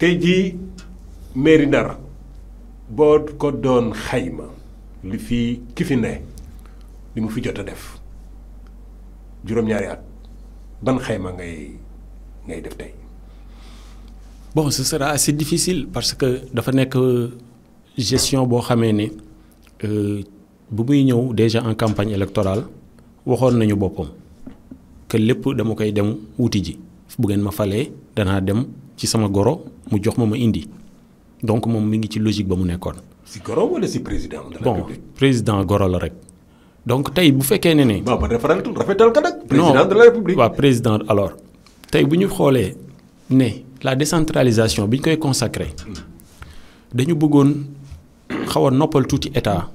tey jii mairie Ndar boo ko doon xayma li fi ki fi ne li mu fi jot a def juróom-ñaari at ban xayma ngay ngay def tey. bon ce sera assez difficile parce que dafa nekk euh, gestion boo xamee ne euh, bu muy ñëw déjà en campagne électorale waxoon nañu boppam que lépp dama koy dem wuti ji bu ngeen ma falee danaa dem. ci sama goro mu jox donc moom mi ci logique ba mu nekkoon. si goro wala si président de la République bon président goro la donc tey bu fekkee ne ne. président de la République président alors tey bu ñu la décentralisation bi koy consacré dañu noppal état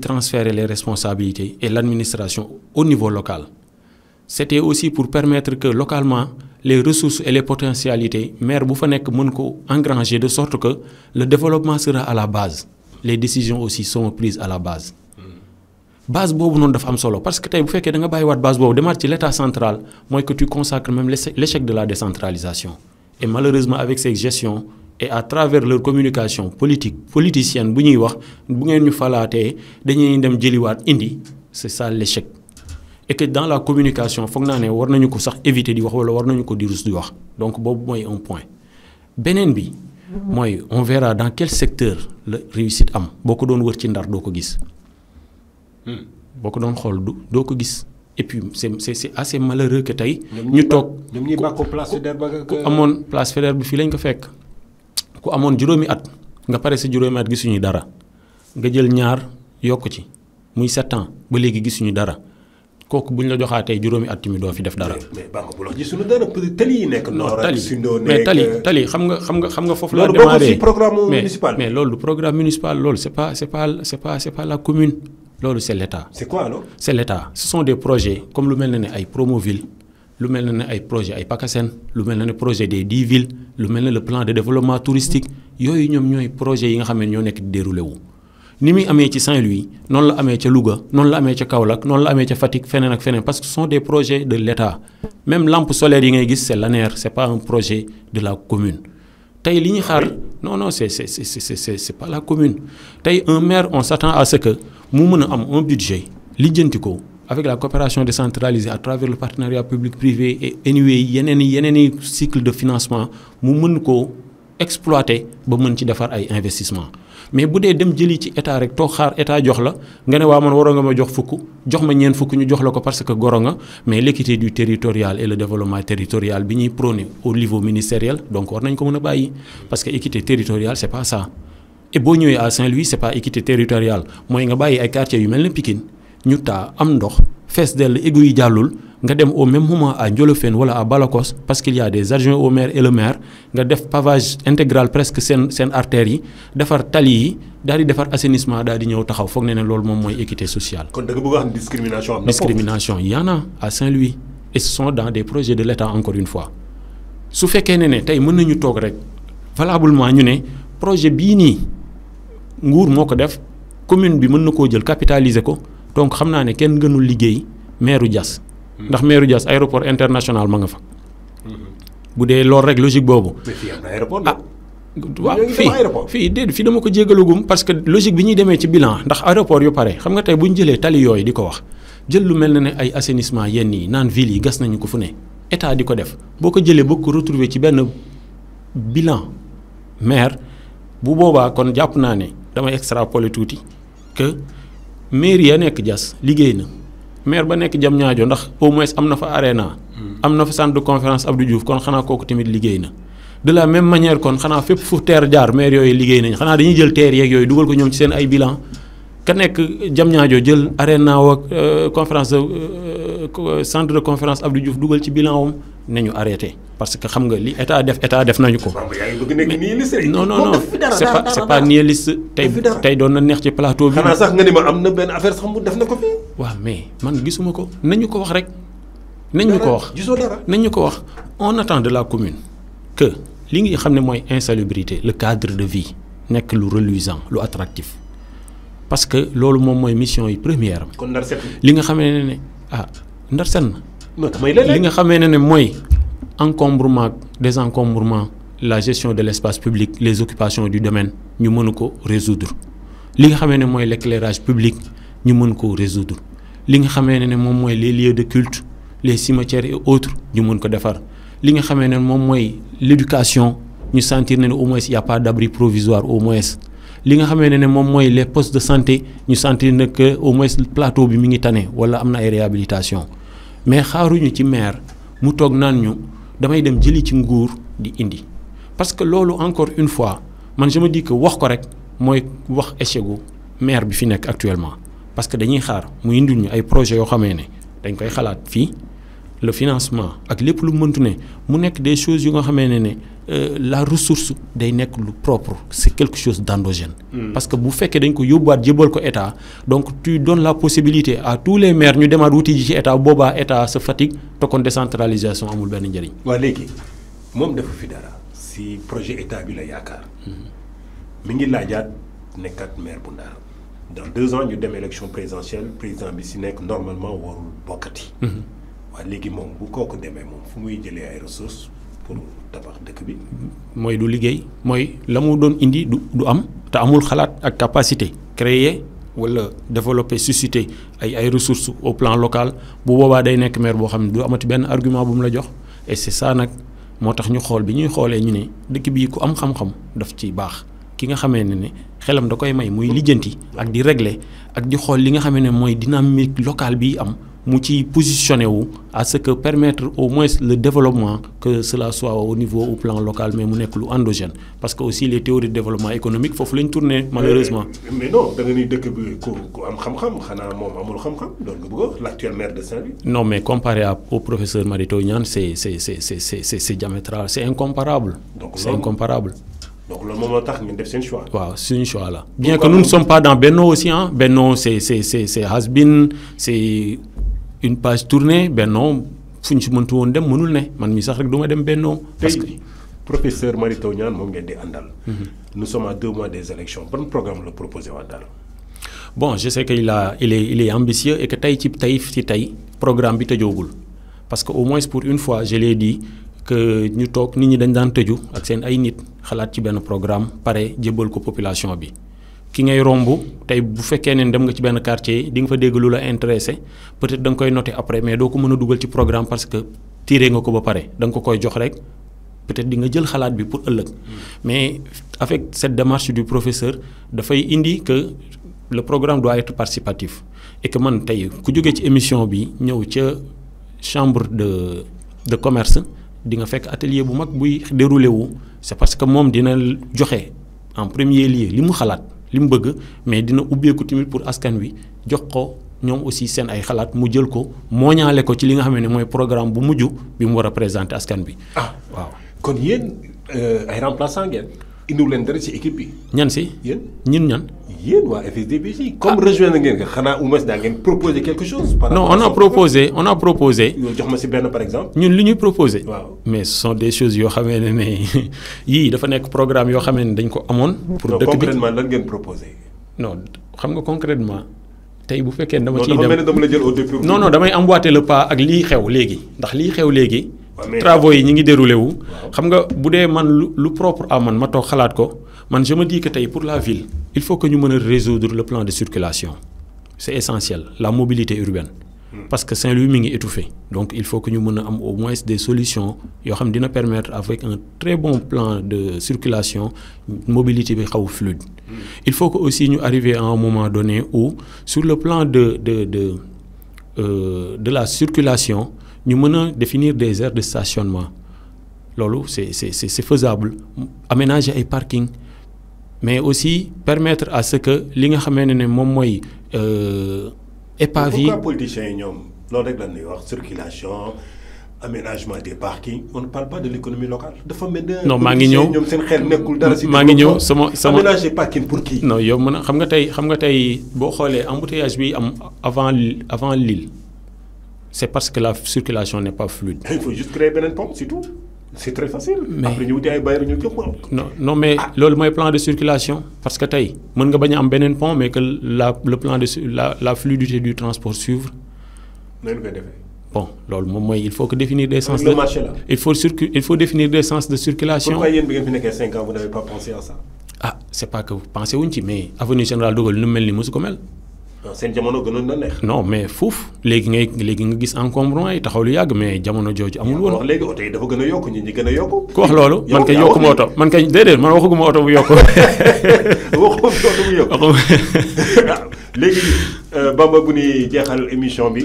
transférer les responsabilités et l'administration au niveau local c'était aussi pour permettre que localement les ressources et les potentialités Mère bu fa nek ko engranger de sorte que le développement sera à la base les décisions aussi sont prises à la base base bobu non dafa am solo parce que tay bu fekkee da nga bàyyiwaat base bobu demaat ci central moi que tu consacres même l'échec de la décentralisation et malheureusement avec ces gestions et à travers leur communication politique politicienne bu ñuy wax bu ngeen ñu falaté dañuy dem indi c'est ça l'échec et que dans la communication foog naa ne war nañu ko sax éviter di wax wala war nañu ko di rus di wax donc boobu mooy un point beneen bi. mooy on verra dans quel secteur la réussite am boo ko doon wër ci ndar doo ko gis hmm. boo ko doon xool doo ko gis et puis c' est c' est assez malheureux que tey. ñu toog ñoom ñuy bàkku place Faidherbe ba ku amoon place Faidherbe bi fii lañ ko fekk ku amoon juróomi at nga pare sa juróomi at gisuñu dara nga jël ñaar yokk ci muy sept ans ba léegi gisuñu dara kooku buñ la joxaatee juróomi at mi doo fi def dara. mais banque bu lox ji suñu dara tali yi nekk. non tali mais tali euh, tali xam nga xam nga xam nga fofu la démarré loolu programme municipal. mais lolu programme municipal lolu c'est pas c'est pas c'est pas c'est pas la commune lolu c'est l'état c'est quoi alors. c'est l'état ce sont des projets comme lu mel ne ne ay Promoville lu mel ne ay projet ay PACASEN lu mel ne projet des 10 villes lu mel ne le plan de développement touristique yooyu ñoom ñooy projet yi nga xam ne ñoo nekk di déroulé wu ni muy amee ci Saint-Louis noonu la amee ca Louga noonu la amee ca Kaolack noonu la amee ca Fatick feneen ak feneen parce que ce sont des projets de l'État même lampe solaire yi ngay gis c'est l'ANER c'est pas un projet de la commune tey li ñu xaar non non c'est c'est c'est c'est pas la commune tey un maire on s'attend à ce que mu mën am un budget lijjanti ko avec la coopération décentralisée à travers le partenariat public-privé et anyway yeneen i yeneen i cycle de financement mu mën koo exploiter ba mën ci ay investissement mais bu dee dem jëli ci état rek toog xaar état jox la nga ne waa man waroon nga ma jox fukk jox ma ñeen fukk ñu jox la ko parce que goro nga mais l'équité du territorial et le développement territorial bi ñuy prôné au niveau ministériel donc war nañ ko mën a bàyyi parce que équité territoriale c'est pas ça boo ñëwee à Saint-Louis c'est pas équité territoriale mooy nga bàyyi ay quartiers yu mel ne Pikine ñu taa am ndox fees dell égout yi jàllul nga dem au même moment à Ndiolofène wala à Balakos parce qu'il y a des adjoints au maire et le maire nga def pavage intégral presque sen sen artères yi defar tali yi daal di defar assainissement daal di ñëw taxaw foog ne ne loolu moom mooy équité sociale. kon da nga bëgg wax discrimination am. discrimination y en a à Saint-Louis et ce sont dans des projets de l'État encore une fois su fekkee ne ne tey mën nañu toog rek valablement ñu ne projet bii nii nguur moo ko def commune bi mën na koo jël capitaliser ko donc xam naa ne kenn gënul liggéey maire Diass Hmm. ndax meeru Diass aéroport international ma nga fa. Hmm. bu dee loolu rek logique boobu. ah waaw fii fii déedéet fii dama ko jégalagum parce que logique bi ñuy demee ci bilan ndax aéroport yu pare xam nga tey bu ñu jëlee tali yooyu di ko wax jël lu mel na ne ay assainissement yenn yi naan ville yi gas nañu ko fu ne état di ko def boo ko jëlee boo ko retrouver ci benn bilan maire bu boobaa kon jàpp naa ne damay extrapoler tuuti que maire ya nekk Diass liggéey na. maire ba nekk jam ñaajo ndax au moins am na fa arena hmm. am na fa centre de conférence Abdou Diouf kon xanaa kooku tamit liggéey na de la même manière kon xanaa fépp fu teer jaar maire yooyu liggéey nañ xanaa dañuy jël teer yeeg yooyu dugal ko ñoom ci seen ay bilan ka nekk jam ñaajo jël arena wa euh, conférence euh, euh, centre de conférence Abdou Diouf dugal ci bilan wam ñu arrêté parce que xam nga li état def état def nañu ko. non non non c'est pas c'est pas nihiliste tay tey doon na neex ci plateau bi. xanaa sax nga ni ma am na benn affaire sax mu def na ko fi. wa mais man gisuma ko nañu ko wax rek. nañu ko wax nañu ko wax on attend de la commune que li nga xam moy insalubrité le cadre de vie nek lu reluisant lu attractif parce que lolu mom moy mission yi première kon ndar li nga xamee ne ah ndar sen li nga xamee ne moy encombrement désencombrement la gestion de l'espace public les occupations du domaine Nous pouvons résoudre L'éclairage public Nous pouvons résoudre li nga les lieux de culte les cimetières et autres Nous pouvons ko faire li nga nous sentir qu'il au moins a pas d'abri provisoire au moins li les postes de santé Nous sentir qu'il que au moins plateau bi mi ngi tane wala réhabilitation mais nous ci maire mu toog damay dem jëli ci nguur di indi parce que loolu encore une fois man je me dis que wax ko rek mooy wax échec maire bi fi nekk actuellement parce que dañuy xaar mu indil ñu ay projets yoo xamee ne dañ koy xalaat fii le financement ak lépp lu mëntu ne mu nekk des choses yu nga xamee ne ne euh, la ressource day nek lu propre c'est quelque chose d'endogène hmm. parce que bu fekkee dañ ko yóbbuwaat jébal ko état donc tu donnes la possibilité à tous les maires ñu demaat wuti ci état boba état se fatigue te kon décentralisation amul ben njëriñ. wa légui mom dafa fi dara si projet état bi la yakar hmm. mi ngi laajaat nekkat maire bu Ndar dans deux ans ñu dem élection présidentielle président bi si nek normalement warul bokkati. Hmm. wa légui mom bu koko demee mom fu muy jëlee ay ressources. pour dëkk mooy du liggéey mooy la mu doon indi du am te amul xalaat ak capacité créer wala développer susciter ay ay ressources au plan local bu boobaa day nekk maire boo xam ne du amati benn argument bu mu la jox et c'est ça nag moo tax ñu xool bi ñuy xoolee ñu ne dëkk bii ku am xam-xam daf ci baax ki nga xamee ni ne. xelam da koy may muy lijjanti ak di régler ak di xool li nga xam ne mooy dynamique locale bi am mu ci positionné wu à ce que permettre au moins le développement que cela soit au niveau au plan local mais mu nekk lu endogène parce que aussi les théories de développement économique foofu lañ tourné malheureusement. mais non da nga ni dëkk bi ko ku am xam-xam xanaa moom amul xam-xam donc nga bëgg a wax l'actuel maire de Saint-Louis. non mais comparé à au professeur Mary Teuw Niane c'est c'est c'est c'est c'est c'est diamétral c'est incomparable. donc c'est incomparable donc le moment moo tax ngeen def seen choix. waaw un choix là. bien que nous ne sommes pas dans Benno aussi Hein? Benno c'est c'est has been c'est une page tournée Benno il faut que mëntu woon dem mënul ne man mi sax rek Benno. parce professeur Mary Nyan, Niane moom di mhm. nous sommes à deux mois des élections Quel programme vous proposez à Andal bon je sais qu'il a il est il est ambitieux et que tey ci tey ci tey programme bi parce qu'au moins pour une fois je l'ai dit que euh, ñu toog nit ñi dañ ak seen programme pare ko population bi ki ngay bu quartier intéressé peut-être da nga koy noter après mais ko programme parce que tiré nga pare da nga peut-être mais avec cette démarche du professeur dafay indi que le programme doit être participatif et que man tey ku émission bi chambre de commerce di nga fekk atelier bu mag buy déroulé wu c'est parce que moom dina joxe en premier lieu li mu xalaat li mu bëgg mais dina ubbeeku timit pour askan wi jox ko ñoom aussi seen ay xalaat mu jël ko mooñaale ko ci li nga ne programme bu mujj bi mu war présenter askan bi. ah waaw kon yéen euh, ay remplaçant ngeen indiw leen dara ci équipe bi. ñan si yéen ñun ñan. yéen waa FSDBJ comme ah. rejoindre ngeen ko xanaa au moins daa ngeen proposer quelque chose. par non on a proposé on a proposé. ñu jox ma si benn par exemple. ñun li ñuy proposé. waaw mais ce sont des choses yoo xamee ne ne yii dafa nekk programme yoo xamee ne dañ ko amoon. pour dëkk bi concrètement lan ngeen proposé. non xam nga concrètement tey bu fekkee dama. ciy dem non dama jël au dépourvu. non non damay emboîter le pas ak lii xew léegi ndax lii xew léegi travaux yi ñi ngi déroulé wu. xam nga propre à man ma ko man je me dis que pour la ville il faut que nous mën résoudre le plan de circulation C'est essentiel la mobilité urbaine. Hmm. parce que Saint-Louis est étouffé donc il faut que nous mën au moins des solutions yoo xam dina permettre avec un très bon plan de circulation mobilité bi xaw fluide. Hmm. il faut aussi ñu arriver à un moment donné où sur le plan de de de euh, la circulation. Nous mën définir des aires de stationnement c'est faisable aménager les parkings. mais aussi permettre à ce que li nga xamee ne moom mooy euh, épave yi. pourquoi politiciens les ñoom loolu rek la wax circulation aménagement des parkings on ne parle pas de l'économie locale. non maa ngi ñëw ñoom xel dara ngi aménager parking pour qui non yo, mën xam nga tay, xam nga tay, bo xolé embouteillage bi am avant avant l'île c'est parce que la circulation n'est pas fluide. Il faut juste créer une pont, c'est tout. C'est très facile. Mais... Après, nous avons non, non, mais ah. le plan de circulation, parce que tu on pas avoir un pont, mais que la, le plan de, la, la fluidité du transport suivre. Bon, lol, il faut que définir des sens. de, Il faut, il faut définir des sens de circulation. Pourquoi y a 5 ans, vous n'avez pas pensé à ça Ah, c'est pas que vous pensez, mais Avenue Général de Gaulle, nous pas les mousses comme elle. Euh, seen jamono gënoon na neex. non mais foofu léegi ngay léegi nga gis encombrement yi taxaw lu yàgg mais jamono jooju amul woon. léegi oto yi dafa gën a yokk ñi ñi gën a yokk. ku wax loolu man kay yokkuma oto man kay déedéet man waxuguma oto bu yokk. waxuma oto bu yokk. Ah, léegi euh, Bamba bu jeexal émission bi.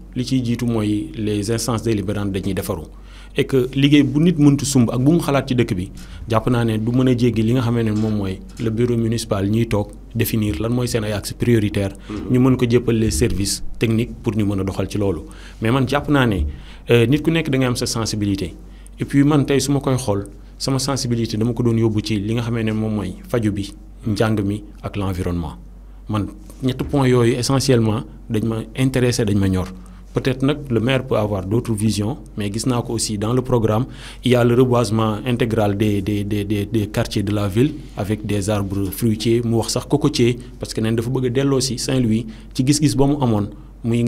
li ci jiitu mooy les instances délibérantes dañuy defaru et que liggéey bu nit mënti sumb ak bu mu xalaat ci dëkk bi jàpp naa ne du mën a jéggi li nga xamee ne moom mooy le bureau municipal ñuy toog définir lan mooy seen ay axes prioritaires. Mm-hmm. ñu mën ko jéppal les services techniques pour ñu mën a doxal ci loolu. mais man jàpp naa ne euh, nit ku nekk da nga am sa sensibilité et puis man tey su ma koy xool sama sensibilité dama ko doon yóbbu ci li nga xamee ne moom mooy faju bi njàng mi ak l' environnement man ñett point yooyu essentiellement dañ ma intéressé dañ ma ñor. Peut-être que le maire peut avoir d'autres visions, mais Gisna aussi dans le programme, il y a le reboisement intégral des, des, des, des, quartiers de la ville avec des arbres fruitiers, mouarsak, cocotiers, parce que nous avons aussi Saint-Louis, qui gis bon amon, muy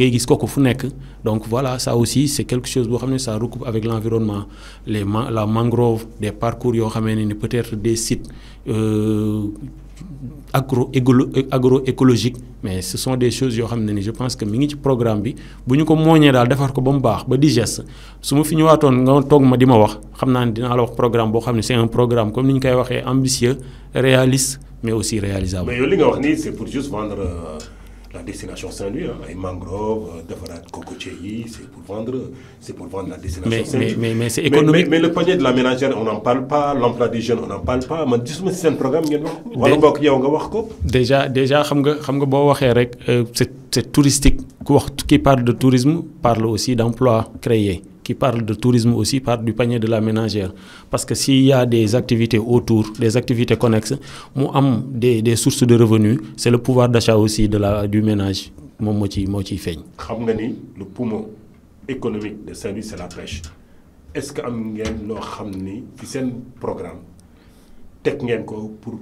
donc voilà ça aussi c'est quelque chose qui ça recoupe avec l'environnement les la mangrove des parcours peut-être des sites euh, agro euh, agroécologique mais ce sont des choses yo xamné ni je pense que mi ngi ci programme bi bu ko moñé dal défar ko ba mu baax ba digeste su fiñu watone nga tok ma dima wax xamna naa ne la wax programme bo xamné c'est un programme comme niñ ñu koy waxee ambitieux réaliste mais aussi réalisable. mais yo li nga wax ni c'est pour juste vendre. Euh, la destination Saint-Louis, hein, et mangrove, euh, cocotier, c'est pour vendre, c'est pour vendre la destination Saint-Louis. Mais, mais, mais c'est économique. Mais, le panier de la ménagère, on n'en parle pas, l'emploi des jeunes, on n'en parle pas. Mais dis-moi si c'est un programme, wala bok Déjà, déjà, euh, c'est touristique. Qui parle de tourisme parle aussi d'emplois créés qui parle de tourisme aussi parle du panier de la ménagère parce que s'il y a des activités autour des activités connexes des des sources de revenus c'est le pouvoir d'achat aussi de la du ménage qui moo ci le poumon économique de service c'est la pêche est-ce que am ngeen loo xam programme. Il pour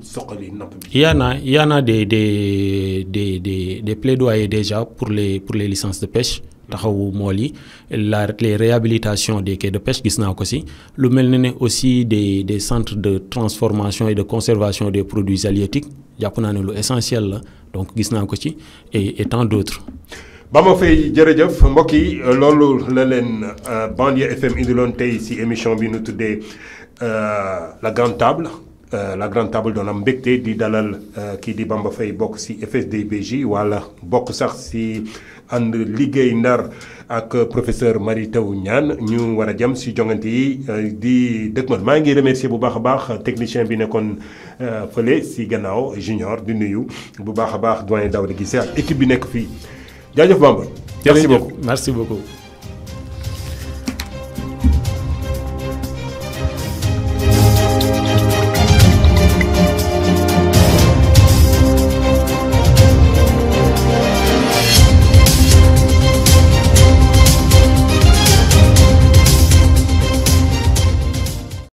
y en a y a des des des des des plaidoyers déjà pour les pour les licences de pêche taxawu mool yi la les réhabilitations des quais de pêche gis naa ko si lu mel ne ne aussi des des centres de transformation et de conservation des produits halieutiques jàpp naa ne lu essentiel la donc gis naa ko ci et et tant d'autres ba ma fay jërëjëf mbokk yi loolu la leen euh, banlieue FM indiloon tey si émission bi nu tuddee euh, la grande table euh, la grande table doon am mbégte di dalal kii di Bamba fay bokk si FSDBJ wala bokk sax si and liggéey ndar ak professeur Mary Teuw Niane ñu war a jëm si jongante yi euh, di dëkkmal maa ngi remercier bu baax a baax technicien bi nekkoon euh, fële si gannaaw junior di nuyu bu baax a baax doyen Daouda Guissé seet équipe bi nekk fii jaajëf Bamba. merci beaucoup merci beaucoup.